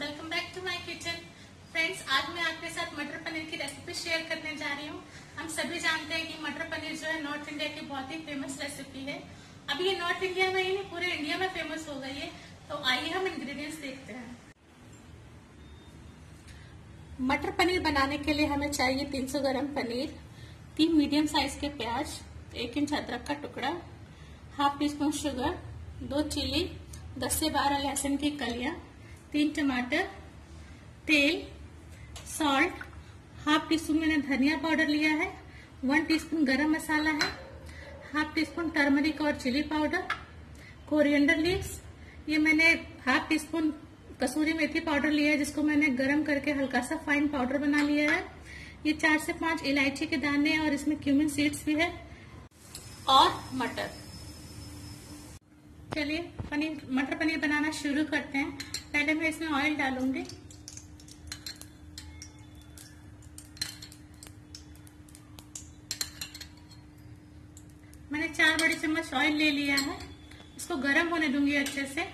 welcome back to my kitchen friends आज मैं आपके साथ मटर पनीर की रेसिपी शेयर करने जा रही हूँ हम सभी जानते हैं कि मटर पनीर जो है नॉर्थ इंडिया की बहुत ही फेमस रेसिपी है अभी ये नॉर्थ इंडिया में ही नहीं पूरे इंडिया में फेमस हो गई है तो आइए हम इंग्रेडिएंट्स देखते हैं मटर पनीर बनाने के लिए हमें चाहिए 300 ग्राम पनीर तीन मीडियम साइज के प्याज एक इंच अदरक का टुकड़ा हाफ टी स्पून शुगर दो चिली दस से बारह लहसुन की कलियां तीन टमाटर तेल सॉल्ट हाफ टी स्पून मैंने धनिया पाउडर लिया है वन टीस्पून गरम मसाला है हाफ टी स्पून टर्मरिक और चिली पाउडर कोरिएंडर लीव्स ये मैंने हाफ टी स्पून कसूरी मेथी पाउडर लिया है जिसको मैंने गरम करके हल्का सा फाइन पाउडर बना लिया है ये चार से पांच इलायची के दाने और इसमें क्यूमिन सीड्स भी है और मटर चलिए पनीर मटर पनीर बनाना शुरू करते हैं पहले मैं इसमें ऑयल डालूंगी मैंने चार बड़े चम्मच ऑयल ले लिया है इसको गर्म होने दूंगी अच्छे से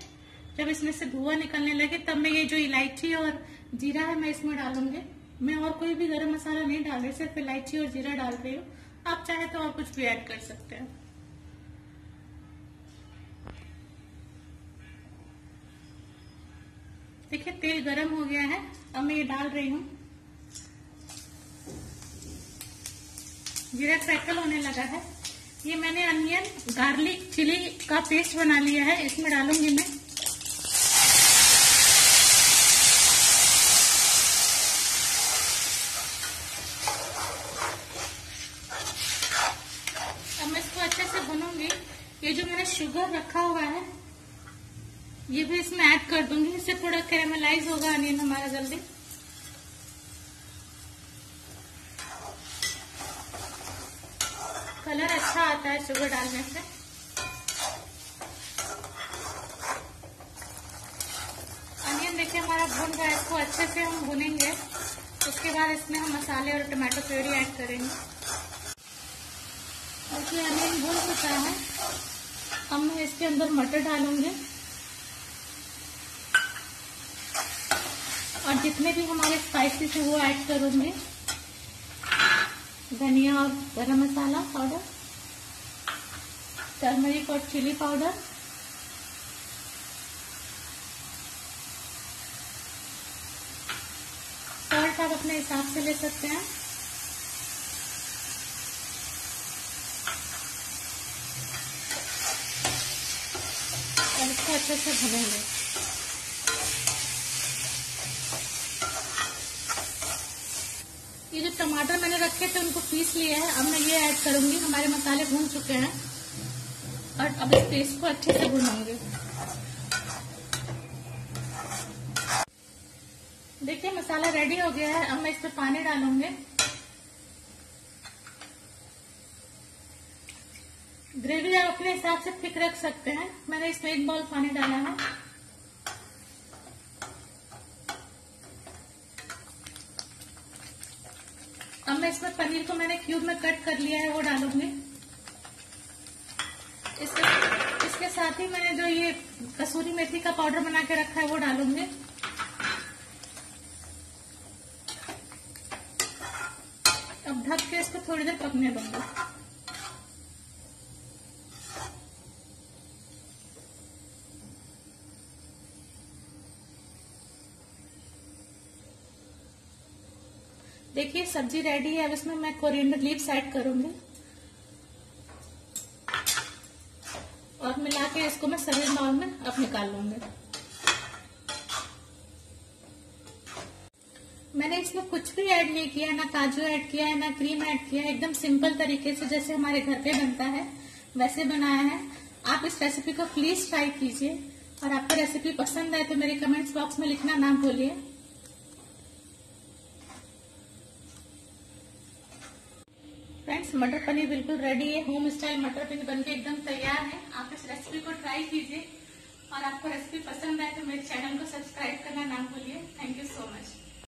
जब इसमें से धुआं निकलने लगे तब मैं ये जो इलायची और जीरा है मैं इसमें डालूंगी मैं और कोई भी गरम मसाला नहीं डाल रही सिर्फ इलायची और जीरा डाल रही हूँ आप चाहे तो और कुछ भी ऐड कर सकते हैं देखिए तेल गरम हो गया है अब मैं ये डाल रही हूँ जीरा क्रैकल होने लगा है ये मैंने अनियन गार्लिक चिली का पेस्ट बना लिया है इसमें डालूंगी मैं अब मैं इसको अच्छे से भूनूंगी ये जो मैंने शुगर रखा हुआ है ये भी इसमें ऐड कर दूंगी इससे थोड़ा कैरामलाइज होगा अनियन हमारा जल्दी कलर अच्छा आता है शुगर डालने से अनियन देखिए हमारा भुन रहा है इसको अच्छे से हम भुनेंगे उसके बाद इसमें हम मसाले और टमाटो प्योरी ऐड करेंगे देखिए अनियन भुन चुका है हम इसके अंदर मटर डालूंगे और जितने भी हमारे स्पाइसेस है वो ऐड करूंगी धनिया और गरम मसाला पाउडर टर्मरिक और चिली पाउडर सॉल्ट आप अपने हिसाब से ले सकते हैं और इसको अच्छे से भरेंगे टमाटर मैंने रखे थे उनको पीस लिए है अब मैं ये ऐड करूंगी हमारे मसाले भून चुके हैं और अब इस पेस्ट को अच्छे से भुनाऊंगी देखिए मसाला रेडी हो गया है अब मैं इसमें पानी डालूंगी ग्रेवी आप अपने हिसाब से थिक रख सकते हैं मैंने इसमें एक बॉल पानी डाला है पनीर को तो मैंने क्यूब में कट कर लिया है वो डालूंगी इसके इसके साथ ही मैंने जो ये कसूरी मेथी का पाउडर बना के रखा है वो डालूंगी अब ढक के इसको थोड़ी देर पकने दूंगी देखिए सब्जी रेडी है अब इसमें मैं कोरिएंडर लीव्स ऐड करूंगी और मिला के इसको मैं सभी नॉल में अब निकाल लूंगी मैंने इसमें कुछ भी ऐड नहीं किया ना काजू ऐड किया है ना क्रीम ऐड किया है एकदम सिंपल तरीके से जैसे हमारे घर पे बनता है वैसे बनाया है आप इस रेसिपी को प्लीज ट्राई कीजिए और आपको रेसिपी पसंद आए तो मेरे कमेंट्स बॉक्स में लिखना ना भूलिए फ्रेंड्स मटर पनीर बिल्कुल रेडी है होम स्टाइल मटर पनीर बनके एकदम तैयार है आप इस रेसिपी को ट्राई कीजिए और आपको रेसिपी पसंद आए तो मेरे चैनल को सब्सक्राइब करना ना भूलिए थैंक यू सो मच